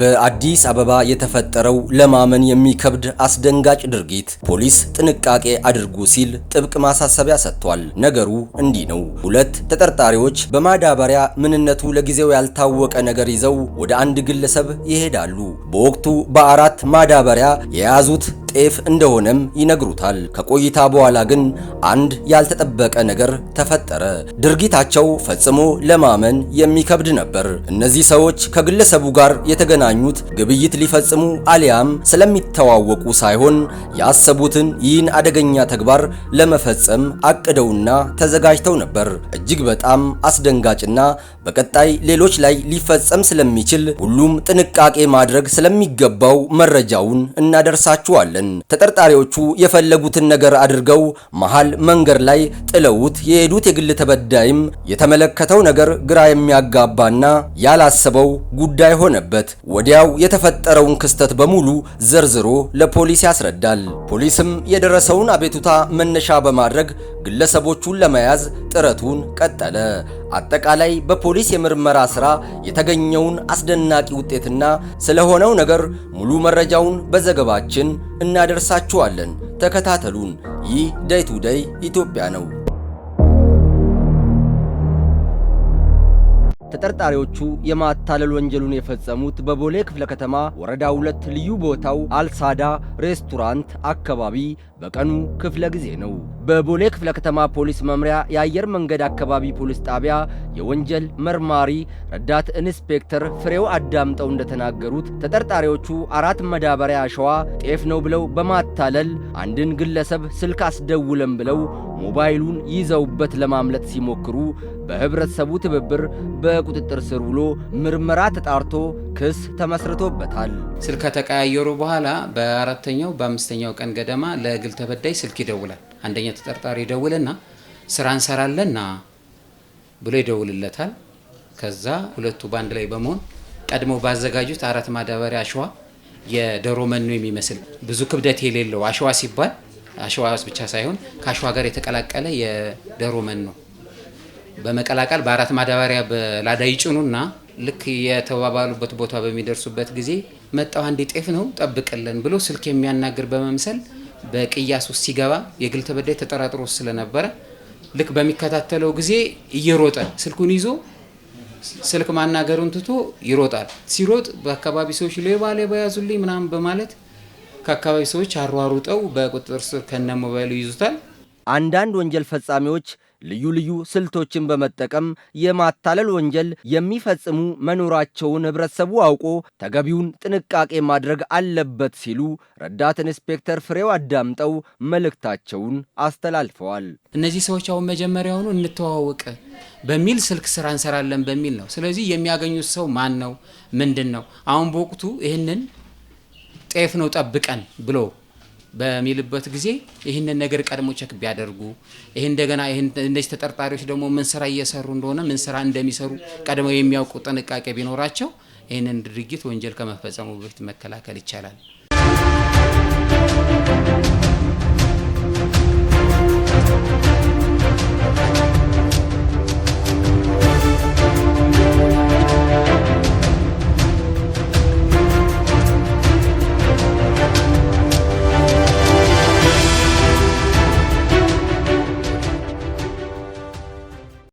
በአዲስ አበባ የተፈጠረው ለማመን የሚከብድ አስደንጋጭ ድርጊት ፖሊስ ጥንቃቄ አድርጉ ሲል ጥብቅ ማሳሰቢያ ሰጥቷል። ነገሩ እንዲህ ነው። ሁለት ተጠርጣሪዎች በማዳበሪያ ምንነቱ ለጊዜው ያልታወቀ ነገር ይዘው ወደ አንድ ግለሰብ ይሄዳሉ። በወቅቱ በአራት ማዳበሪያ የያዙት ጤፍ እንደሆነም ይነግሩታል። ከቆይታ በኋላ ግን አንድ ያልተጠበቀ ነገር ተፈጠረ። ድርጊታቸው ፈጽሞ ለማመን የሚከብድ ነበር። እነዚህ ሰዎች ከግለሰቡ ጋር የተገናኙት ግብይት ሊፈጽሙ አሊያም ስለሚተዋወቁ ሳይሆን ያሰቡትን ይህን አደገኛ ተግባር ለመፈጸም አቅደውና ተዘጋጅተው ነበር። እጅግ በጣም አስደንጋጭና በቀጣይ ሌሎች ላይ ሊፈጸም ስለሚችል ሁሉም ጥንቃቄ ማድረግ ስለሚገባው መረጃውን እናደርሳችኋለን። ተጠርጣሪዎቹ የፈለጉትን ነገር አድርገው መሃል መንገድ ላይ ጥለውት የሄዱት የግል ተበዳይም የተመለከተው ነገር ግራ የሚያጋባና ያላሰበው ጉዳይ ሆነበት። ወዲያው የተፈጠረውን ክስተት በሙሉ ዘርዝሮ ለፖሊስ ያስረዳል። ፖሊስም የደረሰውን አቤቱታ መነሻ በማድረግ ግለሰቦቹን ለመያዝ ጥረቱን ቀጠለ። አጠቃላይ በፖሊስ የምርመራ ስራ የተገኘውን አስደናቂ ውጤትና ስለሆነው ነገር ሙሉ መረጃውን በዘገባችን እናደርሳችኋለን። ተከታተሉን። ይህ ደይ ቱ ደይ ኢትዮጵያ ነው። ተጠርጣሪዎቹ የማታለል ወንጀሉን የፈጸሙት በቦሌ ክፍለ ከተማ ወረዳ ሁለት ልዩ ቦታው አልሳዳ ሬስቶራንት አካባቢ በቀኑ ክፍለ ጊዜ ነው። በቦሌ ክፍለ ከተማ ፖሊስ መምሪያ የአየር መንገድ አካባቢ ፖሊስ ጣቢያ የወንጀል መርማሪ ረዳት ኢንስፔክተር ፍሬው አዳምጠው እንደተናገሩት ተጠርጣሪዎቹ አራት መዳበሪያ አሸዋ ጤፍ ነው ብለው በማታለል አንድን ግለሰብ ስልክ አስደውለን ብለው ሞባይሉን ይዘውበት ለማምለጥ ሲሞክሩ በህብረተሰቡ ትብብር በ በቁጥጥር ስር ውሎ ምርመራ ተጣርቶ ክስ ተመስርቶበታል። ስልክ ከተቀያየሩ በኋላ በአራተኛው በአምስተኛው ቀን ገደማ ለግል ተበዳይ ስልክ ይደውላል። አንደኛው ተጠርጣሪ ይደውልና ስራ እንሰራለንና ብሎ ይደውልለታል። ከዛ ሁለቱ በአንድ ላይ በመሆን ቀድሞ ባዘጋጁት አራት ማዳበሪያ አሸዋ የዶሮ መኖ የሚመስል ብዙ ክብደት የሌለው አሸዋ ሲባል አሸዋ ብቻ ሳይሆን ከአሸዋ ጋር የተቀላቀለ የዶሮ መኖ በመቀላቀል በአራት ማዳበሪያ በላዳ ይጭኑና ልክ የተባባሉበት ቦታ በሚደርሱበት ጊዜ መጣው አንድ ጤፍ ነው ጠብቅልን ብሎ ስልክ የሚያናግር በመምሰል በቅያስ ውስጥ ሲገባ የግል ተበዳይ ተጠራጥሮ ስለነበረ ልክ በሚከታተለው ጊዜ እየሮጠ ስልኩን ይዞ ስልክ ማናገሩን ትቶ ይሮጣል። ሲሮጥ በአካባቢ ሰዎች ሌባ ሌባ ያዙልኝ ምናምን በማለት ከአካባቢ ሰዎች አሯሩጠው በቁጥጥር ስር ከነ ሞባይሉ ይዙታል። አንዳንድ ወንጀል ፈጻሚዎች ልዩ ልዩ ስልቶችን በመጠቀም የማታለል ወንጀል የሚፈጽሙ መኖራቸውን ህብረተሰቡ አውቆ ተገቢውን ጥንቃቄ ማድረግ አለበት ሲሉ ረዳት ኢንስፔክተር ፍሬው አዳምጠው መልእክታቸውን አስተላልፈዋል። እነዚህ ሰዎች አሁን መጀመሪያውኑ እንተዋወቅ በሚል ስልክ ስራ እንሰራለን በሚል ነው። ስለዚህ የሚያገኙት ሰው ማን ነው? ምንድን ነው? አሁን በወቅቱ ይህንን ጤፍ ነው ጠብቀን ብሎ በሚልበት ጊዜ ይህንን ነገር ቀድሞ ቸክ ቢያደርጉ ይህ እንደገና እነዚህ ተጠርጣሪዎች ደግሞ ምን ስራ እየሰሩ እንደሆነ ምን ስራ እንደሚሰሩ ቀድመው የሚያውቁ ጥንቃቄ ቢኖራቸው ይህንን ድርጊት ወንጀል ከመፈጸሙ በፊት መከላከል ይቻላል።